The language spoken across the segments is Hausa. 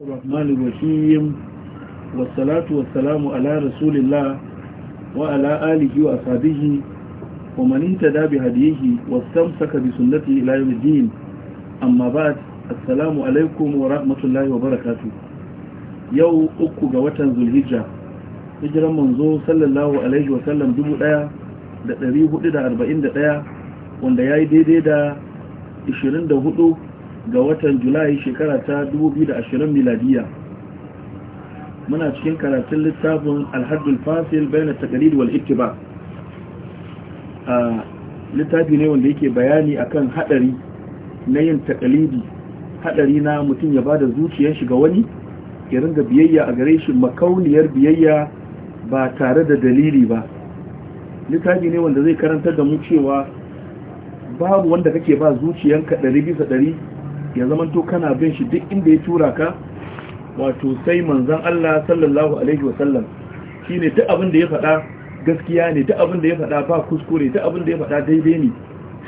الرحمن الرحيم والصلاة والسلام على رسول الله وعلى آله وأصحابه ومن اهتدى بهديه واستمسك بسنته إلى يوم الدين أما بعد السلام عليكم ورحمة الله وبركاته يو أكو قوتا ذو الهجة هجرا منذ صلى الله عليه وسلم دبو الآية da 441 wanda ya yi daidai da 24 ga watan julai shekara ta 2020 miladiya muna cikin karatun littafin alhaddul fasil bayan takalidu wal ittiba a littafi ne wanda yake bayani akan hadari na yin takalidi hadari na mutum ya bada zuciyar shiga ga wani ya ringa biyayya a gare shi makauniyar biyayya ba tare da dalili ba littafi ne wanda zai karanta da mu cewa babu wanda kake ba zuciyanka ɗari bisa ɗari ya zamanto kana bin shi duk inda ya tura ka wato sai manzan Allah sallallahu alaihi wasallam shine duk abin da ya faɗa gaskiya ne duk abin da ya faɗa ba kuskure duk abin da ya faɗa daidai ne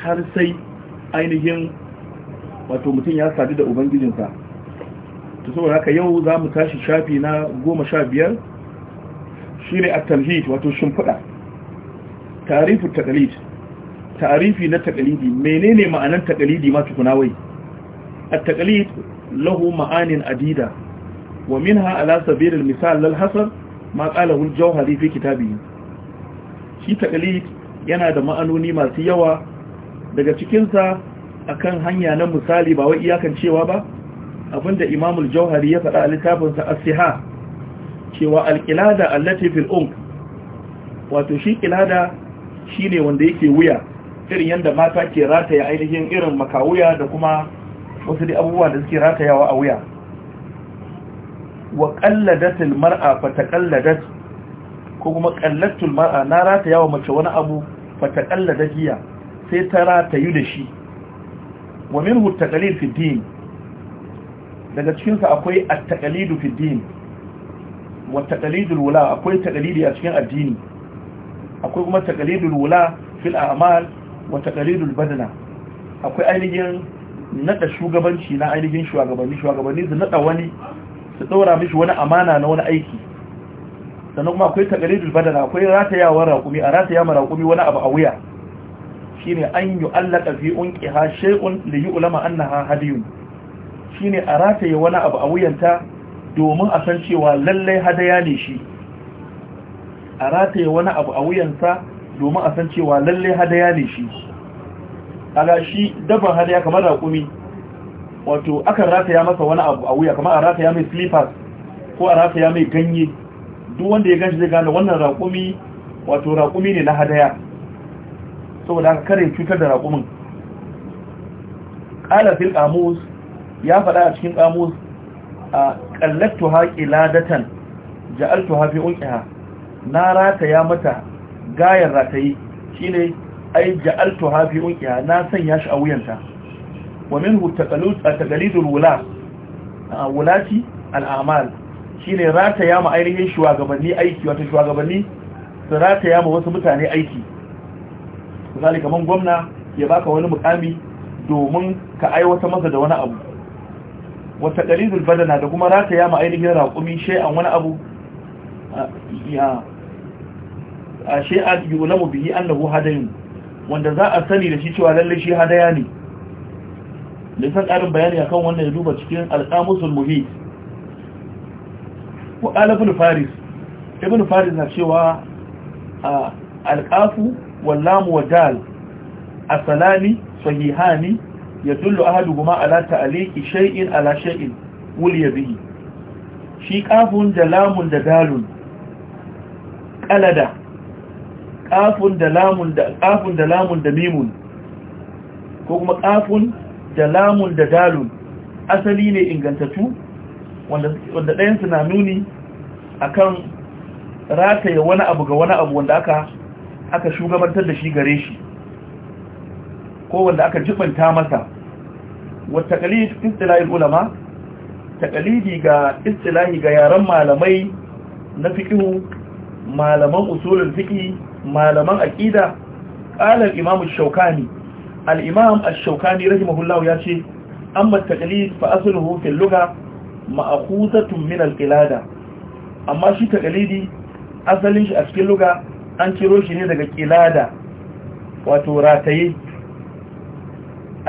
har sai ainihin wato mutum ya sadu da ubangijinsa to saboda haka yau za mu tashi shafi na goma sha biyar shi ne a talhid wato shimfiɗa tarifu takalid tarifi na takalidi menene ma'anar takalidi ma tukuna wai التقليد له معان عديدة ومنها على سبيل المثال للحصر ما قاله الجوهري في كتابه shi taqlid yana da ma'anoni masu yawa daga cikinsa akan hanya na misali ba wai iyakan cewa ba abinda Imam al-Jauhari ya faɗa a littafinsa As-Siha cewa al allati fil unq wato shi qilada shine wanda yake wuya irin yanda mata ke rataye ainihin irin makawuya da kuma wasu dai abubuwa da suke ratayawa a wuya wa qalladatil mar'a fa taqalladat ko kuma qallatul mar'a na ratayawa mace wani abu fa taqalladat hiya sai ta ratayu da shi wa minhu taqalid fi din daga cikin sa akwai at-taqalidu fi din wa taqalidul wula akwai taqalidi a cikin addini akwai kuma taqalidul wula fil a'mal wa taqalidul badana akwai ainihin nada shugabanci na ainihin shugabanni shugabanni su nada wani su daura mishi wani amana na wani aiki sannan kuma akwai taqalidul badana akwai ratayawar raƙumi a ratayawar raƙumi wani abu a wuya shine an Allaka, fi unqiha shay'un li yu'lama annaha hadiyun shine a rataye wani abu a wuyanta domin a san cewa lallai hadaya ne shi a rataye wani abu a wuyansa domin a san cewa lallai hadaya ne shi ala shi dabban hadaya kamar raƙumi wato akan rataya masa wani abu a wuya kamar a rataya mai slippers ko a rataya mai ganye duk wanda ya ganshi zai gane wannan raƙumi wato raƙumi ne na hadaya saboda aka kare cutar da raƙumin Ƙalafin fil ƙamus ya faɗa a cikin ƙamus a ƙallattu haƙi ladatan ja'altu hafi unƙiha na rataya mata gayar ratayi shine ai ja'altu hafi unkiya na sanya shi a wuyanta wa minhu taqalidul wula wulati al'amal shine rataya ma ainihin shugabanni aiki wato shugabanni su rataya ma wasu mutane aiki misali kaman gwamna ya baka wani mukami domin ka aiwata masa da wani abu wa taqalidul badana da kuma rataya ma ainihin raƙumi shay'an wani abu ya a shay'an yulamu bihi annahu hadayun wanda za a sani da shi cewa lalle shi hadaya ne da san ƙarin bayani akan wannan ya duba cikin alƙamusul muhit wa ibn faris ibn faris na cewa alƙafu wallamu wa dal asalani sahihani yadullu ahaduhuma ala ta'liqi shay'in ala shay'in wuliya bihi shi kafun da lamun da dalun Ƙalada. kafun da lamun da kafun da lamun da mimun ko kuma kafun da lamun da dalun asali ne ingantattu wanda ɗayansu na nuni akan rataye wani abu ga wani abu wanda aka aka shugabantar da shi gare shi ko wanda aka jibanta masa wata kalid istilahi ulama takalidi ga istilahi ga yaran malamai na fiƙihu malaman usulun fiƙi malaman aqida qala al-imam ash-shawkani al-imam ash-shawkani rahimahullahu yace amma taqlid fa asluhu fi al-lugha ma'khuzatun min al-qilada amma shi taqlidi asalin shi a cikin lugha an ciro shi ne daga qilada wato rataye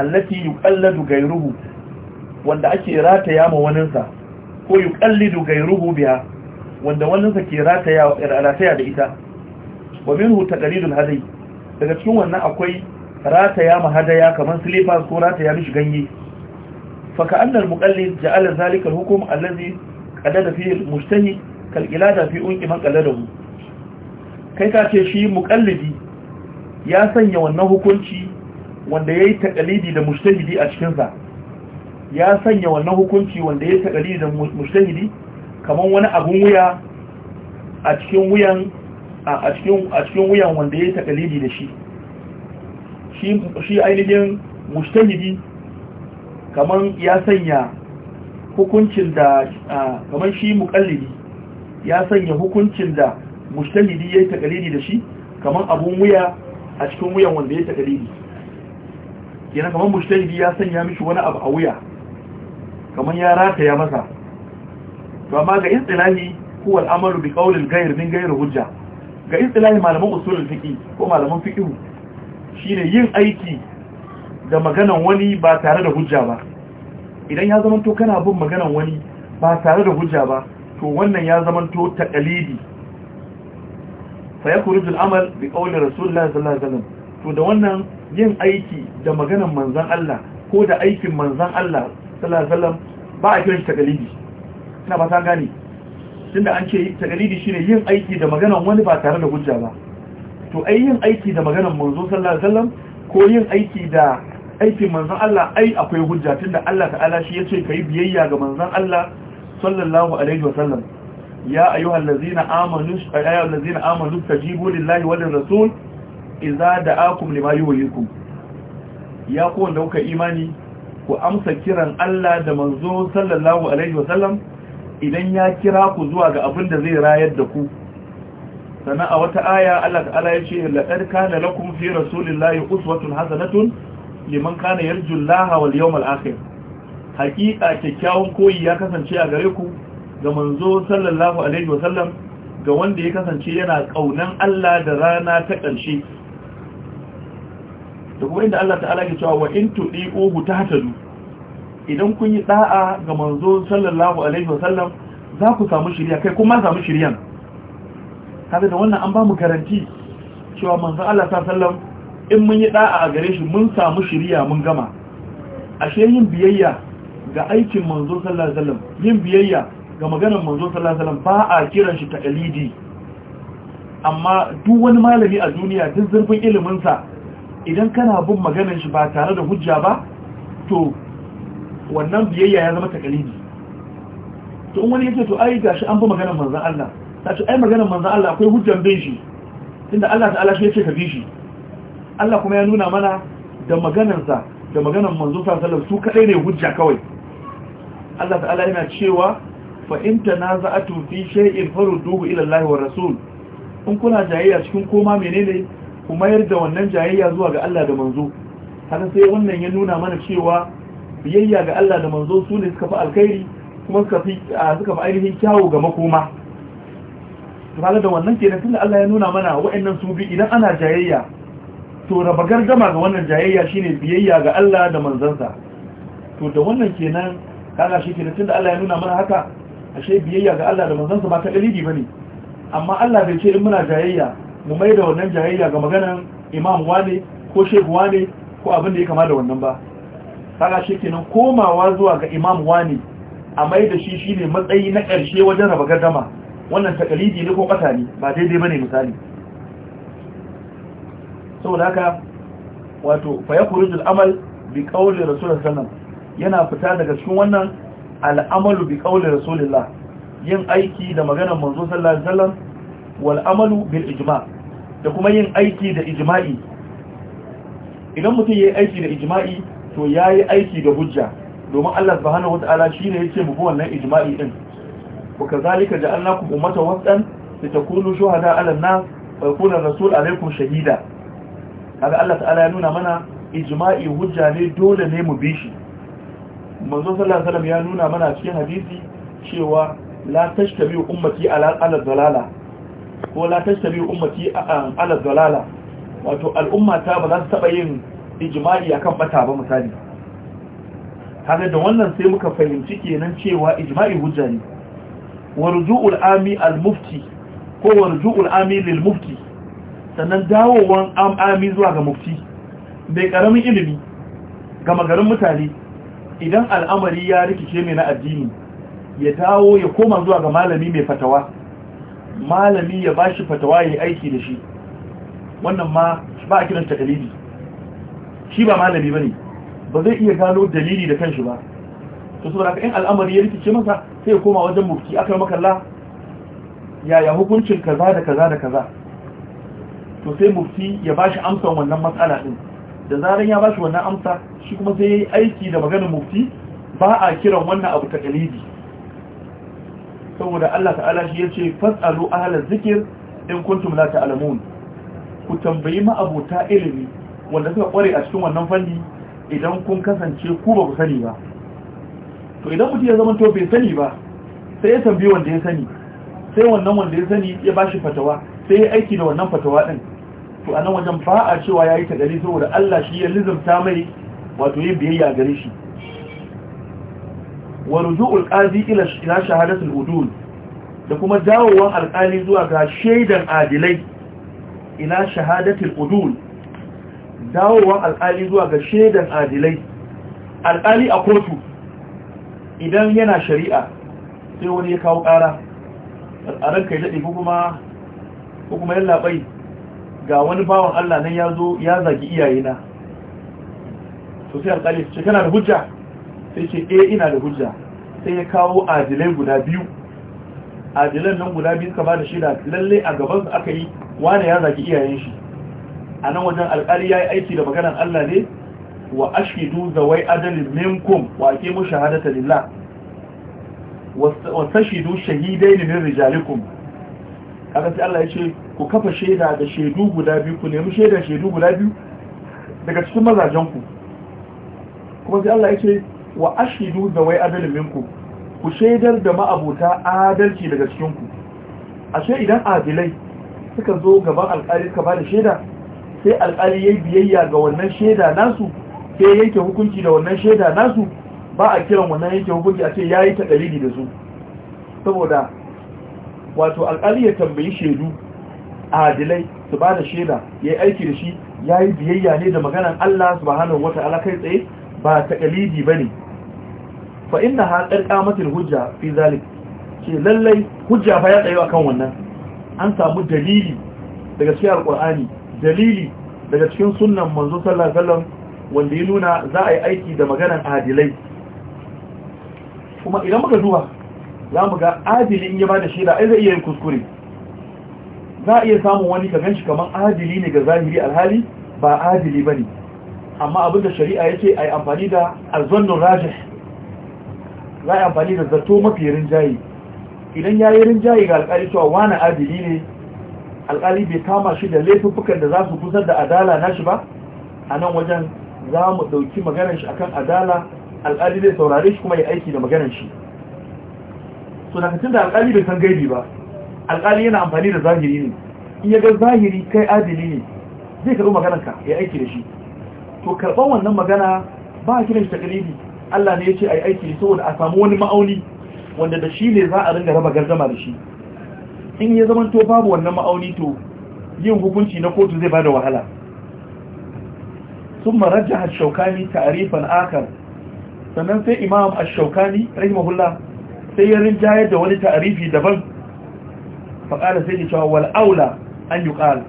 allati yuqalladu ghayruhu wanda ake rataya ma sa ko yuqallidu ghayruhu biha wanda sa ke rataya da ita wa minhu taqridul hadai daga cikin wannan akwai rataya ma hadaya kamar slippers ko rataya mishi ganye fa ka annal muqallid ja'ala zalika al-hukm allazi qadada fihi al-mujtahid kal ilada fi unki man qalladahu kai ka ce shi muqallidi ya sanya wannan hukunci wanda yayi taqlidi da mujtahidi a cikin sa ya sanya wannan hukunci wanda yayi taqlidi da mujtahidi kamar wani abun wuya a cikin wuyan a cikin wuyan wanda ya yi takalidi da shi shi ainihin mustahidi kamar ya sanya hukuncin da kamar shi mukallidi ya sanya hukuncin da mustahidi ya yi takalidi da shi kamar abun wuya a cikin wuyan wanda ya yi takalidi yana kamar mustahidi ya sanya mishi wani abu a wuya kamar ya rata ya masa to amma ga istilahi kuwa al'amalu bi kaulin gayar min ghayr hujja ga istilahi malaman usulul fiqi ko malaman fiqi shine yin aiki da maganan wani ba tare da hujja ba idan ya zamanto kana bin maganan wani ba tare da hujja ba to wannan ya zamanto taqalidi fa yakhruju al-amal bi qawli rasulullahi sallallahu alaihi wasallam to da wannan yin aiki da maganan manzon Allah ko da aikin manzon Allah sallallahu alaihi wasallam ba a kiran shi taqalidi ina ba ta gane tunda an ce taqlidi shine yin aiki da maganan wani ba tare da hujja ba to ai yin aiki da maganan manzo sallallahu alaihi wasallam ko yin aiki da aikin manzon Allah ai akwai hujja tunda Allah ta'ala shi yace kai biyayya ga manzon Allah sallallahu alaihi wasallam ya ayyuhallazina amanu ayyuhallazina amanu tajibu lillahi wal rasul idza da'akum lima yuhyikum ya ku wanda kuka imani ku amsa kiran Allah da manzo sallallahu alaihi wasallam idan ya kira ku zuwa ga abin da zai rayar da ku sana a wata aya Allah ta'ala ya ce laqad kana lakum fi rasulillahi uswatun hasanatun liman kana yarju Allaha wal yawmal akhir haƙiƙa kyakkyawan koyi ya kasance a gare ku ga manzo sallallahu alaihi wa sallam ga wanda ya kasance yana kaunan Allah da rana ta ƙarshe da kuma inda Allah ta'ala ke ce wa in uhu tahtadu idan kun yi da'a ga manzo sallallahu alaihi wasallam za ku samu shirya kai kuma samu shiryan kaga da wannan an ba mu garanti cewa manzo Allah sallallahu in mun yi da'a a gare shi mun samu shirya mun gama ashe yin biyayya ga aikin manzo sallallahu alaihi wasallam yin biyayya ga maganar manzo sallallahu alaihi wasallam ba a kiran shi taqlidi amma duk wani malami a duniya duk zurfin iliminsa, sa idan kana bin maganar shi ba tare da hujja ba to wannan biyayya ya zama takalidi to in wani yace to ai gashi an bi maganar manzon Allah ta ce ai maganar manzon Allah akwai hujjan bin shi tunda Allah ta'ala shi yake ka bi shi Allah kuma ya nuna mana da maganarsa da maganar manzo sallallahu alaihi su kadai ne hujja kawai Allah ta'ala yana cewa fa in tanaza'atu fi shay'in farudduhu ila Allah wa rasul in kuna jayayya cikin koma menene ku mayar da wannan jayayya zuwa ga Allah da manzo haka sai wannan ya nuna mana cewa biyayya ga Allah da manzo su ne suka fi alkhairi kuma suka fi suka fi ainihin kyawu ga makoma kaga da wannan kenan tunda Allah ya nuna mana wa'annan su bi idan ana jayayya to raba gargama ga wannan jayayya shine biyayya ga Allah da manzansa to da wannan kenan kaga shi kenan tunda Allah ya nuna mana haka ashe biyayya ga Allah da manzansa ba ta dalili bane amma Allah bai ce in muna jayayya mu mai da wannan jayayya ga maganan imam wane ko shehu wane ko abin da ya kama da wannan ba kaga shi kenan komawa zuwa ga imam wani a mai da shi shine matsayi na ƙarshe wajen raba gardama wannan takalidi ne ko ƙasa ne ba daidai ba ne misali saboda haka wato Faya kuri kurujul amal bi ƙaunin rasulun sannan yana fita daga cikin wannan al'amalu bi rasulun la yin aiki da maganar manzo sallallahu alaihi wasallam wal amalu bil ijma da kuma yin aiki da ijma'i idan mutum ya yi aiki da ijma'i to ya yi aiki da hujja domin Allah subhanahu wata'ala shine yake mu bi wannan ijma'i din wa kazalika ja'alnakum ummatan wasatan litakunu shuhada 'ala an-nas wa yakuna ar-rasul 'alaykum shahida kaga Allah ta'ala ya nuna mana ijma'i hujja ne dole ne mu bi shi manzo sallallahu alaihi wasallam ya nuna mana cikin hadisi cewa la tashtabi ummati ala al-dalala ko la tashtabi ummati ala al-dalala wato al'umma ta ba za su taba yin ijma'i kan bata ba misali kaga da wannan sai muka fahimci kenan cewa ijma'i hujja ne wa ami al mufti ko wa ami lil mufti sannan dawowan ami zuwa ga mufti bai karamin ilimi ga magarin mutane idan al'amari ya rikice mai na addini ya dawo ya koma zuwa ga malami mai fatawa malami ya bashi fatawa ya yi aiki da shi wannan ma ba a kiran takalidi shi ba malami ne. ba zai iya gano dalili da kanshi ba to saboda haka in al'amari ya rikice masa sai ya koma wajen mufti aka makalla. yaya hukuncin kaza da kaza da kaza to sai mufti ya bashi amsa wannan matsala din da zaran ya bashi wannan amsa shi kuma sai ya yi aiki da maganar mufti ba a kiran wannan abu ta kalidi saboda Allah ta'ala shi ya yace fasalu ahla zikr in kuntum la ta'lamun ku tambayi abota ilimi wanda suka kware a cikin wannan fanni idan kun kasance ku ba ku sani ba to idan mutum ya zama to bai sani ba sai ya tambayi wanda ya sani sai wannan wanda ya sani ya bashi fatawa sai ya aiki da wannan fatawa din to a nan wajen ba a cewa ya yi ta gari saboda Allah shi ya lizumta mai wato yin biyayya gare shi wa rujuul qadi ila ila shahadatul udul da kuma dawowan alƙali zuwa ga shaidan adilai ila shahadatul udul dawowar alƙali zuwa ga shaidan adilai alkali a kotu idan yana shari'a sai wani ya kawo ƙara. a ranka ya daɗe ko kuma yalla bai ga wani bawan Allah nan ya zo ya zagi iyayena to sai alƙali ce kana da hujja sai ce eh ina da hujja sai ya kawo adilai guda biyu adilan nan guda biyu suka ba da shida lalle a gabansu aka yi wane ya zagi iyayen shi a nan wajen alƙali ya yi aiki da maganar Allah ne wa ashidu wai adalin minkum wa ake mu shahadata lillah wa tashidu shahidai ne min rijalikum kaga sai Allah ya ce ku kafa shaida da shaidu guda biyu ku nemi shaida shaidu guda biyu daga cikin mazajen ku kuma sai Allah ya ce wa ashidu wai adalin minkum ku shaidar da ma'abuta adalci daga cikin ku ashe idan adilai suka zo gaban alƙali ka ba da shaida sai alƙali ya yi biyayya ga wannan shaida nasu sai ya yanke hukunci da wannan shaida nasu ba a kiran wannan yanke hukunci a ce ya yi ta dalili da su saboda wato alƙali ya tambayi shaidu a adilai su ba da shaida ya yi aiki da shi ya yi biyayya ne da maganan Allah subhanahu wata ta'ala kai tsaye ba ta dalili ba ne fa inna ha ƙarƙamatin hujja fi zalik ce lallai hujja fa ya tsaye akan wannan an samu dalili daga cikin alƙur'ani dalili daga cikin sunan manzo sallallahu alaihi wanda ya nuna za a yi aiki da maganan adilai kuma idan muka duba za mu ga adili in ya bada shaida ai zai iya yin kuskure za a iya samun wani ka ganshi kamar adili ne ga zahiri alhali ba adili ne, amma abinda shari'a yace ai amfani da azzannur rajih za a yi amfani da zato mafi rinjaye idan ya yi rinjaye ga alƙali cewa wani adili ne alƙali bai kama shi da laifukan da za su kusa da adala na shi ba a nan wajen za mu ɗauki maganar shi akan adala alƙali zai saurare shi kuma ya aiki da maganar shi so da da alƙali bai san gaibi ba alƙali yana amfani da zahiri ne in ya ga zahiri kai adili ne zai karɓi maganar ka ya aiki da shi to karɓar wannan magana ba a kiran shi takalibi Allah ne ya ce a yi aiki saboda a samu wani ma'auni wanda da shi ne za a ringa raba gardama da shi in ya zama to babu wannan ma'auni to yin hukunci na kotu zai bada wahala sun maraja ashaukani tarifan akar sannan sai imam ashaukani rahimahullah sai ya rinjayar da wani tarifi daban faƙala sai ya cewa wal'aula an yi ƙala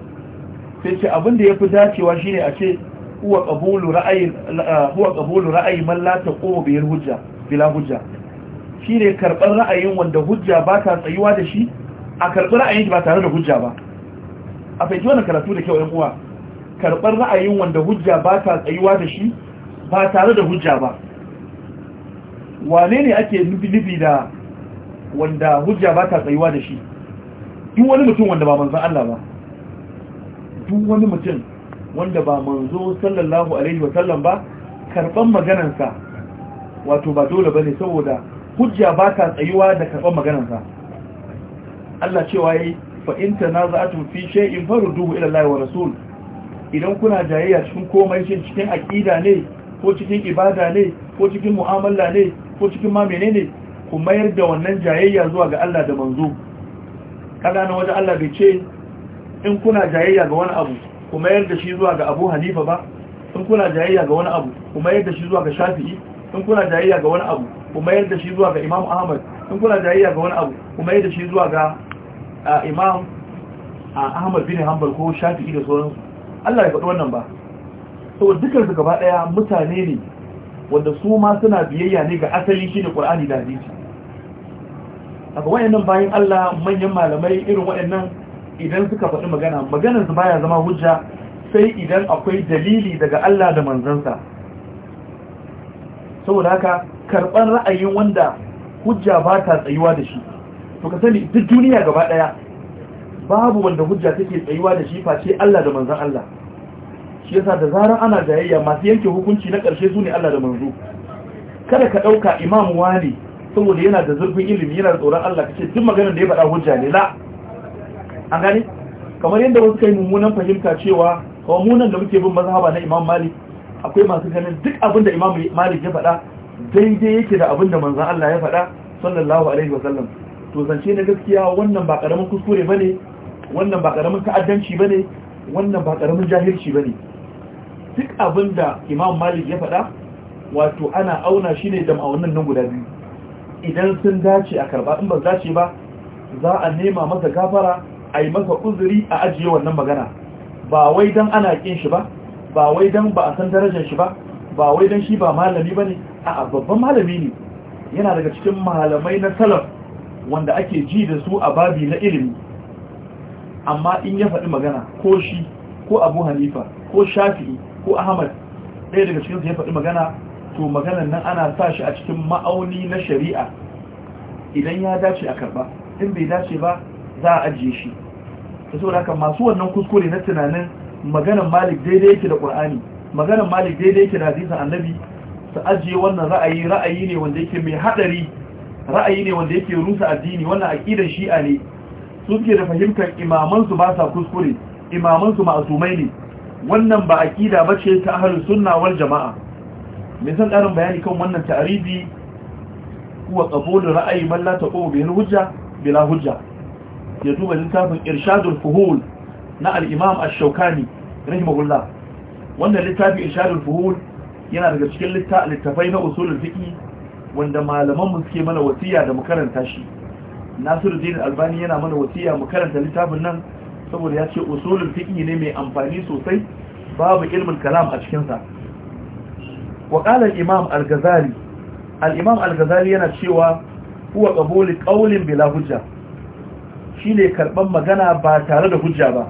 sai ce abinda ya fi dacewa shine a ce huwa ƙabulu ra'ayi mallata ƙobo biyar hujja bila hujja shi ne karɓar ra'ayin wanda hujja ba ta tsayuwa da shi a karɓar ra'ayin ba tare da hujja ba a fahimci wani karatu da kyau ɗan uwa karɓar ra'ayin wanda hujja ba ta tsayuwa da shi ba tare da hujja ba wane ne ake nufi da wanda hujja ba ta tsayuwa da shi duk wani mutum wanda ba manzan Allah ba duk wani mutum wanda ba manzo sallallahu alaihi wa sallam ba karɓar maganarsa wato ba dole ba ne saboda hujja ba ta tsayuwa da karɓar maganarsa Allah cewa yayi fa in tanaza'tum fi shay'in farudduhu ila Allah wa rasul idan kuna jayayya cikin komai shi cikin aƙida ne ko cikin ibada ne ko cikin mu'amala ne ko cikin ma menene ku mayar da wannan jayayya zuwa ga Allah da manzo kada na waje Allah bai ce in kuna jayayya ga wani abu ku mayar da shi zuwa ga Abu Hanifa ba in kuna jayayya ga wani abu ku mayar da shi zuwa ga Shafi'i in kuna jayayya ga wani abu ku mayar da shi zuwa ga Imam Ahmad in kuna jayayya ga wani abu ku mayar da shi zuwa ga imam a ahmad bin hanbal ko shafi'i da sauransu Allah ya faɗi wannan ba saboda dukkan su gaba ɗaya mutane ne wanda su ma suna biyayya ne ga asali shi da ƙur'ani da hadisi haka wayannan bayan Allah manyan malamai irin wayannan idan suka faɗi magana maganar su baya zama hujja sai idan akwai dalili daga Allah da manzansa saboda haka karɓar ra'ayin wanda hujja ba ta tsayuwa da shi to ka sani duk duniya gaba daya babu wanda hujja take tsayuwa da shi face Allah da manzon Allah shi yasa da zaran ana jayayya masu yanke hukunci na karshe su ne Allah da manzo kada ka dauka imam wali saboda yana da zurfin ilimi yana da tsoron Allah kace duk maganar da ya faɗa hujja ne la an gane kamar yadda wasu kai mummunan fahimta cewa mummunan da muke bin mazhaba na imam malik akwai masu ganin duk abin da imam malik ya faɗa daidai yake da abin da manzon Allah ya faɗa sallallahu alaihi wasallam to zance na gaskiya wannan ba karamin kuskure bane wannan ba karamin ta'addanci bane wannan ba karamin jahilci bane duk abinda Imam Malik ya faɗa wato ana auna shi ne da ma'aunin nan guda biyu idan sun dace a karba in ba dace ba za a nema masa gafara a yi masa uzuri a ajiye wannan magana ba wai dan ana kin shi ba ba wai dan ba a san darajar shi ba ba wai dan shi ba malami bane a babban malami ne yana daga cikin malamai na salaf wanda ake ji da su a babi na ilimi amma in ya faɗi magana ko shi ko abu hanifa ko shafi'i ko ahmad ɗaya daga cikinsu ya faɗi magana to maganan nan ana sa shi a cikin ma'auni na shari'a idan ya dace a karba in bai dace ba za a ajiye shi ta saboda haka masu wannan kuskure na tunanin maganan malik daidai yake da ƙur'ani maganan malik daidai yake da hadisin annabi su ajiye wannan ra'ayi ra'ayi ne wanda yake mai haɗari ra'ayi ne wanda yake rusa addini wannan aqidar shi'a ne suke da fahimtar imaman su ba sa kuskure imaman su ma'asumai ne wannan ba aqida bace ta ahlus sunna wal jama'a me san karin bayani kan wannan ta'ribi huwa qabulu ra'ayi man la taqu bihi hujja bila hujja ya duba littafin irshadul fuhul na al-imam ash-shawkani rahimahullah wannan littafin irshadul fuhul yana daga cikin littafai na usulul fiqh wanda malaman mu suke mana wasiya da mu shi nasiru Nasiruddin Albani yana mana wasiya mu littafin nan saboda ya ce usulul fiqh ne mai amfani sosai babu ilmin kalam a cikin sa wa imam al-Ghazali al-imam al-Ghazali yana cewa huwa qabulu qawlin bila hujja shine karban magana ba tare da hujja ba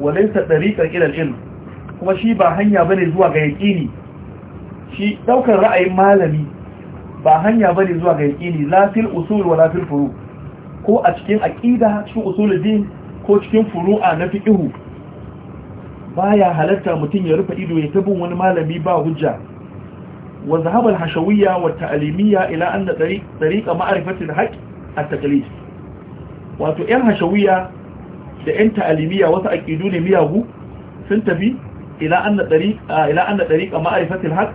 walaisa ɗariƙar ila al-ilm kuma shi ba hanya ba ne zuwa ga yaqini shi ɗaukar ra'ayin malami ba hanya ba ne zuwa ga yaqini la fil usul wala fil furu ko a cikin aƙida, cikin usuluddin ko cikin furu furu'a na Ba ya halatta mutum ya rufe ido ya tabin wani malami ba hujja wa zahabar al-hashawiyya wa ta'limiyya ila an tariq tariqa ma'rifati al-haqq at wato yan hashawiyya da yan ta'limiyya wasu aqidu ne miyagu sun tafi ila an tariq ila anna tariqa ma'rifati al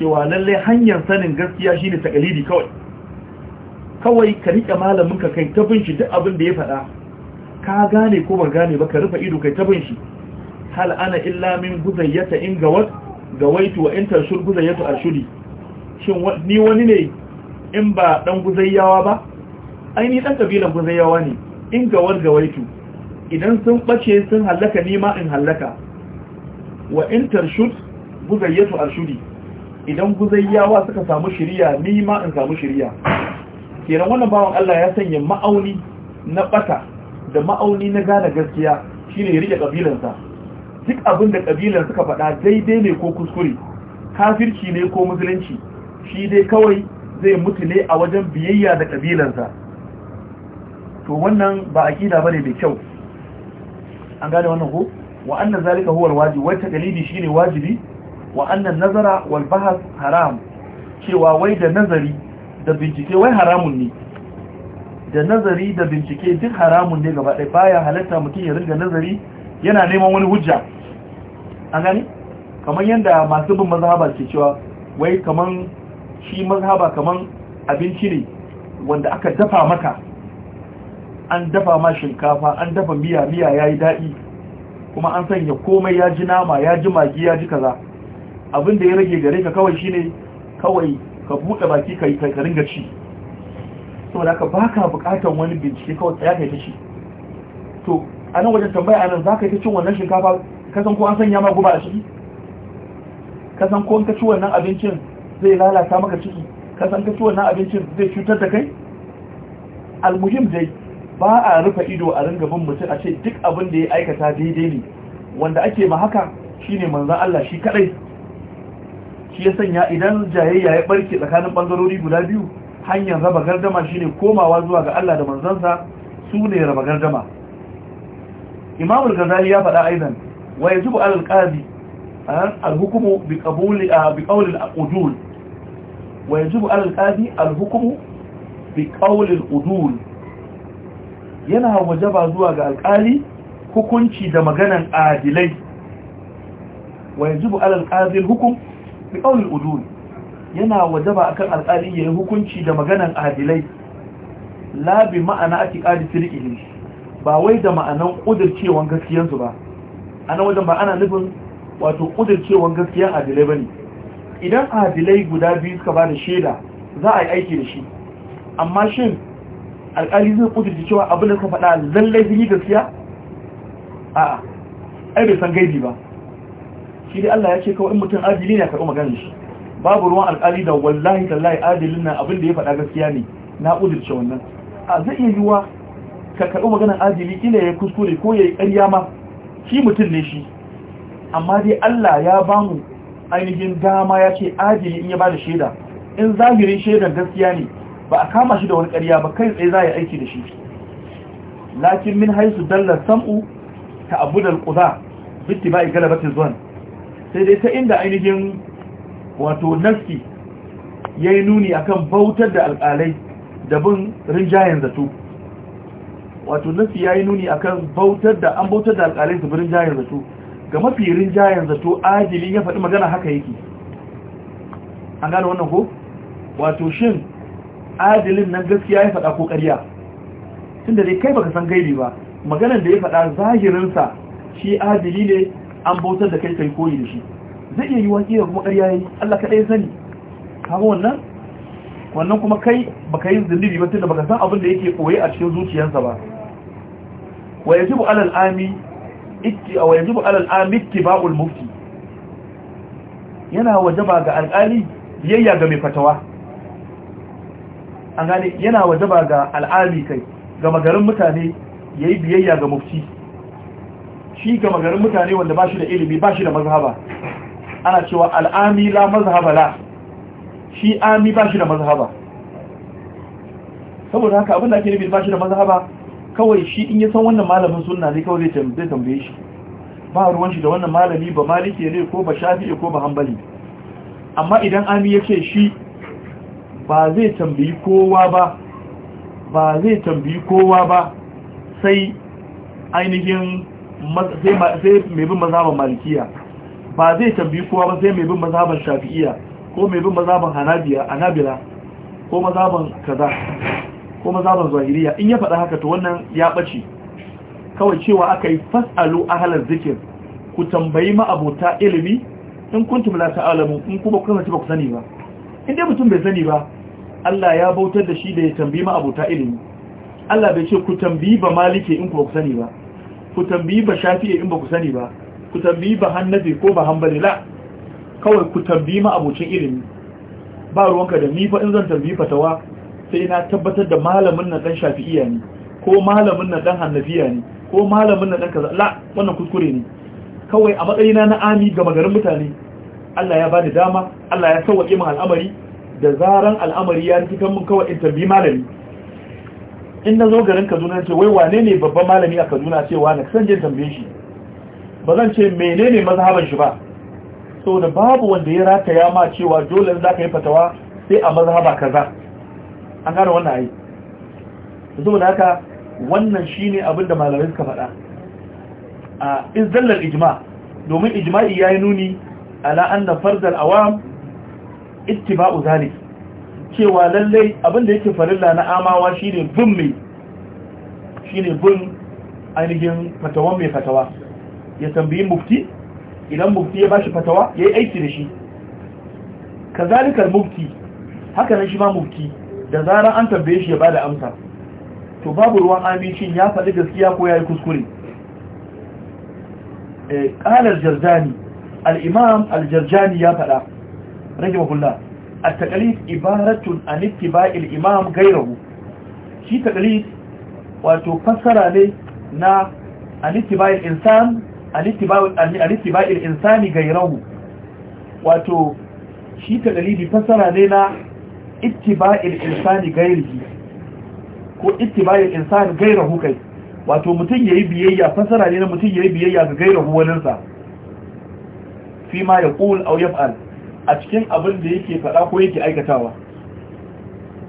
cewa lallai, hanyar sanin gaskiya shine takalidi kawai kawai ka rike malamin ka kai ta binci duk abin da ya faɗa ka gane ko ba gane ba ka rufe ido kai ta binci hal ana illa min guzayyata in gawat gawaitu wa in tarshur guzayyatu arshudi shin ni wani ne in ba dan guzayyawa ba ai ni dan kabilan guzayyawa ne in gawar gawaitu idan sun bace sun hallaka ni ma in hallaka wa in tarshud guzayyatu arshudi idan guzayyawa suka samu shirya ni ma in samu shirya kenan wannan bawan Allah ya sanya ma'auni na bata da ma'auni na gane gaskiya shine ya rike kabilansa duk abin da kabilan suka faɗa daidai ne ko kuskure kafirci ne ko musulunci shi dai kawai zai mutu ne a wajen biyayya da kabilansa to wannan ba aqida bane mai kyau an gane wannan ko wa anna zalika huwa alwajib wata dalili shine wajibi Wa'annan nazara wal haram cewa wai da nazari da bincike wai haramun ne da nazari da bincike duk haramun ne gaba ɗaya baya halatta mutum ya ringa nazari yana neman wani hujja A gani kamar yadda masu bin mazhaba ke cewa wai kamar shi mazhaba kamar abinci ne wanda aka dafa maka an dafa ma shinkafa an dafa miya miya yayi daɗi kuma an sanya komai ya ji nama ya ji magi ya ji kaza abin da ya rage gare ka kawai shine kawai ka buɗe baki ka ka ringa ci saboda ka baka buƙatar wani bincike kawai tsaya kai ta ci to a nan wajen tambaya a nan za ka yi ta cin wannan shinkafa ka san ko an sanya ma guba a ciki ka san ko ka ci wannan abincin zai lalata maka ciki ka san ka ci wannan abincin zai cutar da kai almuhim dai ba a rufe ido a ringa bin mutum a ce duk abin da ya aikata daidai ne wanda ake ma haka shine manzon Allah shi kadai shi ya sanya idan jayayya ya barke tsakanin bangarori guda biyu hanyar raba gardama shine komawa zuwa ga Allah da manzansa su ne raba gardama imamul gazali ya faɗa aizan, wa zuba al-qadi al bi qabuli bi qawli al-udul wa yajibu bi ƙaunin al'udul yana yana ba zuwa ga alƙali hukunci da maganan adilai wa ya al-qadi hukum? bi yana udul yana wajaba akan alƙali yayin hukunci da maganan adilai la bi ma'ana atiqadi sirqihim ba wai da ma'anan kudircewan gaskiyansu ba ana wajen ba ana nufin wato kudircewan gaskiyan adilai ne. idan adilai guda biyu suka ba da shaida za a yi aiki da shi amma shin alƙali zai ƙudirce cewa abin da suka faɗa lallai sun yi gaskiya a'a ai bai san gaibi ba shi dai Allah ya ce kawai mutum adili ne karɓi maganar shi babu ruwan alƙali da wallahi tallahi adilin nan abin da ya faɗa gaskiya ne na udurce wannan a zai iya yiwuwa ka karɓi maganar adili ina ya kuskure ko ya yi ƙarya ma shi mutum ne shi amma dai Allah ya ba mu ainihin dama ya ce adili in ya ba da shaida in zahirin shaidan gaskiya ne ba a kama shi da wani ƙarya ba kai tsaye za a yi aiki da shi lakin min haisu dallar sam'u ta abu da al'uza bitti ba galabatin zuwan sai dai ta inda ainihin wato nafsi ya yi nuni akan bautar da alƙalai da bin rinjayen zato wato nafsi ya yi nuni kan bautar da an bautar da alƙalai da bin rinjayen zato ga mafi rinjayen zato adili ya faɗi magana haka yake an gane wannan ko wato shin adilin nan gaskiya ya faɗa ko ƙarya tun da dai kai baka san gaibi ba maganar da ya faɗa zahirinsa shi adili ne an bautar da kai kai koyi da shi zai iya yi kila kuma ƙarya yayi Allah ka ɗaya sani kaga wannan wannan kuma kai baka yi zunubi ba tunda baka san abin da yake koye a cikin zuciyarsa ba wa yajibu alal ami itti aw yajibu alal ami ittiba'ul mufti yana wajaba ga alƙali biyayya ga mai fatawa an gane yana wajaba ga al'ami kai ga magarin mutane yayi biyayya ga mufti shi ga magarin mutane wanda ba shi da ilimi ba shi da mazhaba ana cewa al'ami la mazhaba la shi ami ba shi da mazhaba saboda haka abinda ake nufi ba shi da mazhaba kawai shi in ya san wannan malamin sunna ne kawai zai tambaye shi ba ruwan shi da wannan malami ba maliki ne ko ba shafi'i ko ba hanbali amma idan ami ya ce shi ba zai tambayi kowa ba ba zai tambayi kowa ba sai ainihin sai mai bin mazhaban malikiya ba zai tambayi kowa ba sai mai bin mazhaban shafi'iya ko mai bin mazhaban hanabiya anabila ko mazhaban kaza ko mazhaban zahiriya in ya faɗa haka to wannan ya ɓace kawai cewa aka yi fasalu ahalar zikir ku tambayi abota ilimi in kuntum la ta'lamu in kuma ku kasance ba ku sani ba in dai mutum bai sani ba Allah ya bautar da shi da ya tambayi abota ilimi Allah bai ce ku tambayi ba malike in ku ba ku sani ba ku tambayi ba shafi'i in ba ku sani ba ku tambayi ba hannabi ko ba hanbali la kawai ku tambayi ma abocin ilimi ba ruwanka da ni fa in zan tambayi fatawa sai na tabbatar da malamin na dan shafi'iya ne ko malamin na dan hannabiya ne ko malamin na dan kaza la wannan kuskure ne kawai a matsayina na ami ga magarin mutane Allah ya bani dama Allah ya sauwaƙe min al'amari da zaran al'amari ya rikitan min kawai in tambayi malami in na zo garin kaduna ce wai wane ne babban malami a kaduna cewa na san tambaye shi ba zan ce menene mazhaban shi ba so da babu wanda ya rata ya ma cewa dole za ka yi fatawa sai a mazhaba kaza an gane wannan ayi yanzu da haka wannan shine abin da malamai suka faɗa a izdallar ijma domin ijma'i yayi nuni ala anna fardal awam ittiba'u zalik cewa lallai abinda yake farilla na amawa shine bin mai shine bin ainihin fatawan mai fatawa ya tambayi mufti idan mufti ya bashi fatawa ya yi aiki da shi Ka kazalikar mufti haka nan shi ma mufti da zarar an tambaye shi ya bada amsa to babu ruwan amincin ya faɗi gaskiya ko ya yi kuskure eh, ƙalar jarjani al'imam aljarjani ya faɗa rage mahulla التقليد عبارة عن اتباع الإمام غيره شي تقليد وتفسر عليه عن اتباع الإنسان عن اتباع الإنسان غيره wato shi ta fasara ne na ittiba'il ko ittiba'il insani gairahu kai wato mutum yayi biyayya fasara ne na mutum yayi biyayya ga gairahu walinsa fi ma yaqul aw yaf'al a cikin abin da yake faɗa ko yake aikatawa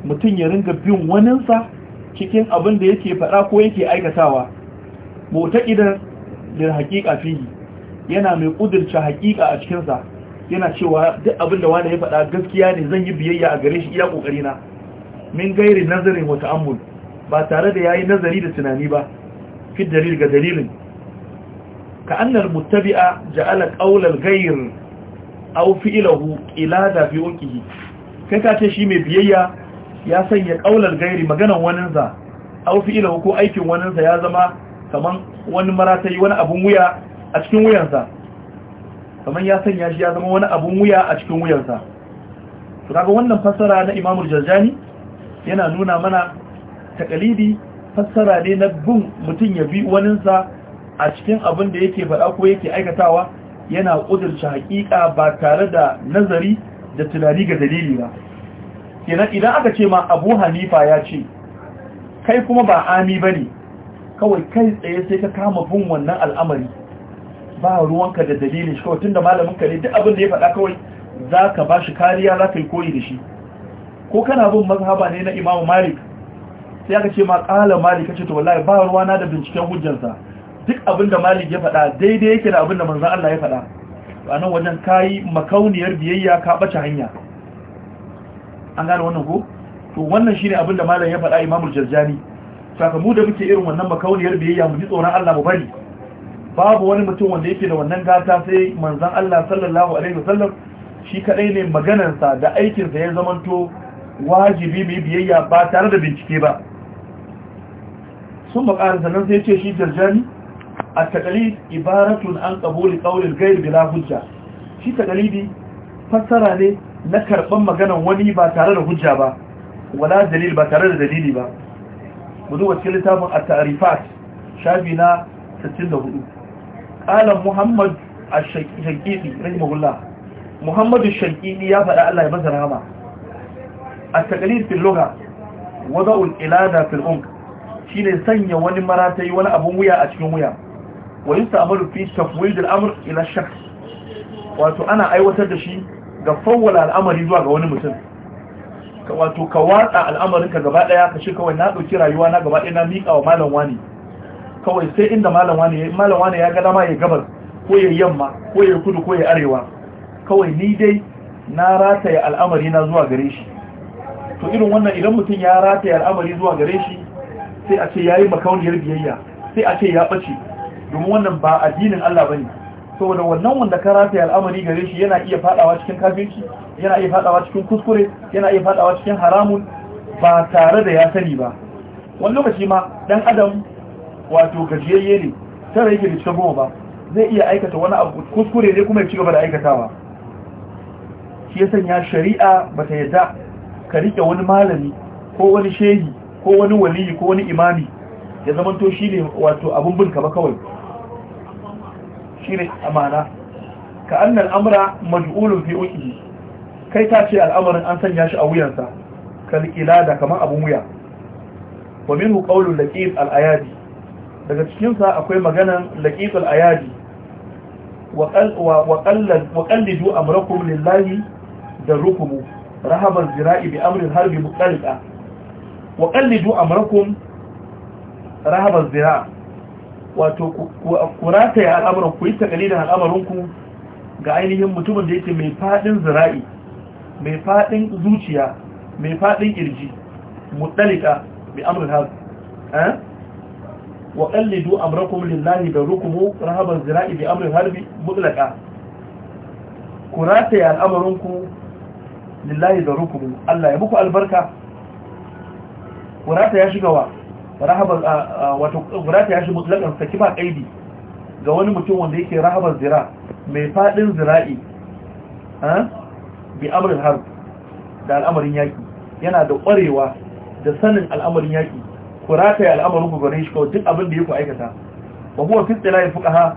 mutum ya ringa bin waninsa cikin abin da yake faɗa ko yake aikatawa mota idan da haƙiƙa fiye yana mai ƙudurce haƙiƙa a cikinsa yana cewa duk abin da wani ya faɗa gaskiya ne zan yi biyayya a gare shi iya na min gairi nazarin wata amul ba tare da ya yi nazari da tunani ba fi dalil ga dalilin ka annar mutabi'a ja'ala ƙaular gairin aw ilahu ila da ukihi kai ka ce shi mai biyayya ya sanya kaular gairi maganan wanin sa aw fi'luhu ko aikin wanin sa ya zama kaman wani maratayi wani abun wuya a cikin wuyansa kaman ya sanya shi ya zama wani abun wuya a cikin wuyansa to kaga wannan fassara na Imam Al-Jazani yana nuna mana takalidi fassara ne na bin mutum ya bi waninsa a cikin abin da yake faɗa ko yake aikatawa yana ƙudurci haƙiƙa ba tare da nazari da tunani ga dalili ba kenan idan aka ce ma abu hanifa ya ce kai kuma ba ami ba ne kawai kai tsaye sai ka kama bin wannan al'amari ba ruwanka da dalilin shi kawai tun da malaminka ne duk abin da ya faɗa kawai za ka ba shi kariya za ka yi koyi da shi ko kana bin mazhaba ne na imamu malik sai aka ce ma ƙala malik ka ce to wallahi ba ruwana da binciken hujjansa duk abinda malik ya faɗa daidai yake da abinda manzan Allah ya faɗa a nan wajen kayi makauniyar biyayya ka ɓace hanya an gane wannan ko to wannan shine abinda malam ya faɗa imamul jarjani saka da muke irin wannan makauniyar biyayya mu ji tsoron Allah mu bari babu wani mutum wanda yake da wannan gata sai manzan Allah sallallahu alaihi wasallam shi kadai ne maganarsa da sa ya zamanto wajibi mai biyayya ba tare da bincike ba sun makarar sannan sai ce shi jarjani at-taqlid ibaratun an qabuli qawlil ghayr bila hujja shi taqlidi fassara ne na karban maganan wani ba tare da hujja ba wala dalil ba tare da dalili ba budu wa cikin littafin at-ta'rifat shafi na 64 qala muhammad ash-shaqiqi rahimahullah muhammad ash-shaqiqi ya faɗa Allah ya masa rahama at-taqlid lugha wada'u al-ilada fil shine sanya wani maratayi wani abun wuya a cikin wuya wa yustamalu fi tafwid al-amr ila shakhs wato ana aiwatar da shi ga fawwala al'amari zuwa ga wani mutum wato ka watsa al'amarin ka gaba daya ka shi kawai na dauki rayuwa na gaba daya na mika wa malam wani kawai sai inda malam wani ya malam wani ya ga dama ya gabar ko ya yamma ko ya kudu ko ya arewa kawai ni dai na rataya al'amari na zuwa gare shi to irin wannan idan mutum ya rataya al'amari zuwa gare shi sai a ce yayi makauniyar biyayya sai a ce ya bace domin wannan ba addinin Allah bane saboda wannan wanda ka rafi al'amari gare shi yana iya fadawa cikin kafirci yana iya fadawa cikin kuskure yana iya fadawa cikin haramun ba tare da ya sani ba wani lokaci ma dan adam wato gajiyayye ne tare yake da cikin goma ba zai iya aikata wani abu kuskure ne kuma ya ci gaba da aikatawa shi ya sanya shari'a ba ta yadda ka rike wani malami ko wani shehi ko wani waliyi ko wani imami ya zamanto shi ne wato abin binka ba kawai shine amana ka annal amra maj'ulun fi uqihi kai ta ce al'amarin an sanya shi a wuyansa kalqila da kamar abun wuya wa minhu qawlu laqit al-ayadi daga cikin sa akwai maganan laqit al-ayadi wa qal wa qallad wa qallidu amrakum lillahi darrukum rahabal zira'i bi amri al-harbi muqallida wa qallidu amrakum rahabal zira'i wato ku rataya al'amuran ku yi al'amuran ku ga ainihin mutumin da yake mai fadin zira'i mai fadin zuciya mai fadin kirji mutalika bi amrin haz eh wa qallidu amrakum lillahi da rukumu rahaban zira'i bi amrin harbi mutlaqa ku rataya ku lillahi da rukumu Allah ya muku albarka ku rataya wa? rahaban wato gurata ya shi mutlakan saki ba kaidi ga wani mutum wanda yake rahaban zira mai fadin zira'i bi amrin har da al'amarin yaki yana da kwarewa da sanin al'amarin yaki ku rataya al'amarin ku gare shi kawai duk abin da yake aikata wa huwa fi istilahi fuqaha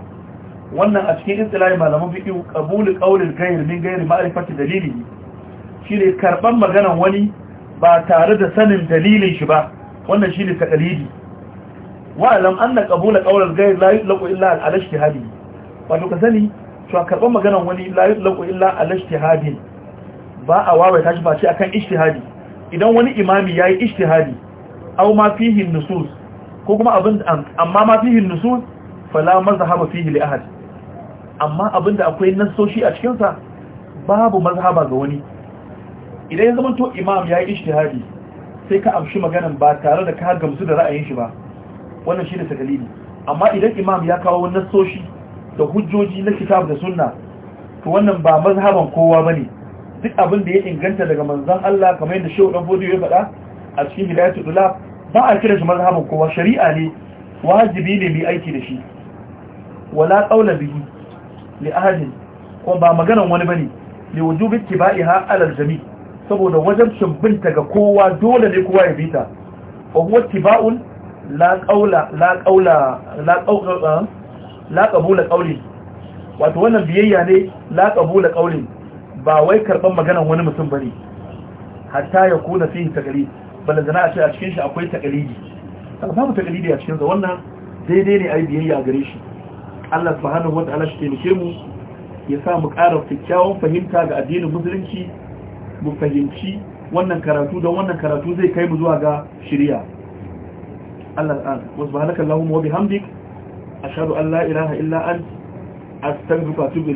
wannan a cikin istilahi malaman fiqh qabulu qawlil ghayr min ghayr ma'rifati dalili ne karban maganan wani ba tare da sanin dalilin shi ba wannan shi ne takalidi wa'alam an na ƙabula gayar layu laƙo illa al'alashti hadi wato ka sani cewa karɓar maganan wani laƙo illa al'alashti hadi ba a wawaye tashi ba ce akan ishtihadi idan wani imami ya yi ishtihadi au ma fihin nusus ko kuma abin amma ma fihin nusus fala mazhaba fihi li ahad amma abinda akwai nasoshi a cikin sa babu mazhaba ga wani idan ya zama to imam ya yi ishtihadi sai ka amshi maganan ba tare da ka gamsu da ra'ayin shi ba wannan shi ne sakalili amma idan imam ya kawo nassoshi da hujjoji na kitab da sunna to wannan ba mazhaban kowa bane duk abin da ya inganta daga manzon Allah kamar yadda Shehu Dan ya faɗa a cikin Hidayatul Dulab ba a kira shi mazhaban kowa shari'a ne wajibi ne mai aiki da shi wala qawla bihi li ahadin ko ba maganan wani bane li wujubi ittiba'iha ala al-jami' saboda wajen binta ga kowa dole ne kowa ya bi ta wa huwa tiba'un la qaula la qaula wato wannan biyayya ne la qabula ba wai karban maganar wani mutum bane hatta ya kuna fi takalidi balla zana a ce a cikin shi akwai ta samu takalidi a cikin sa wannan daidai ne ai biyayya gare shi Allah subhanahu wa ta'ala shi taimake mu ya sa mu ƙara kyakkyawan fahimta ga addinin musulunci mu fahimci wannan karatu don wannan karatu zai kai mu zuwa ga shirya Allah al'an wasu ba halakar lahun mawabi hamdik a shaɗu Allah ilaha illa an a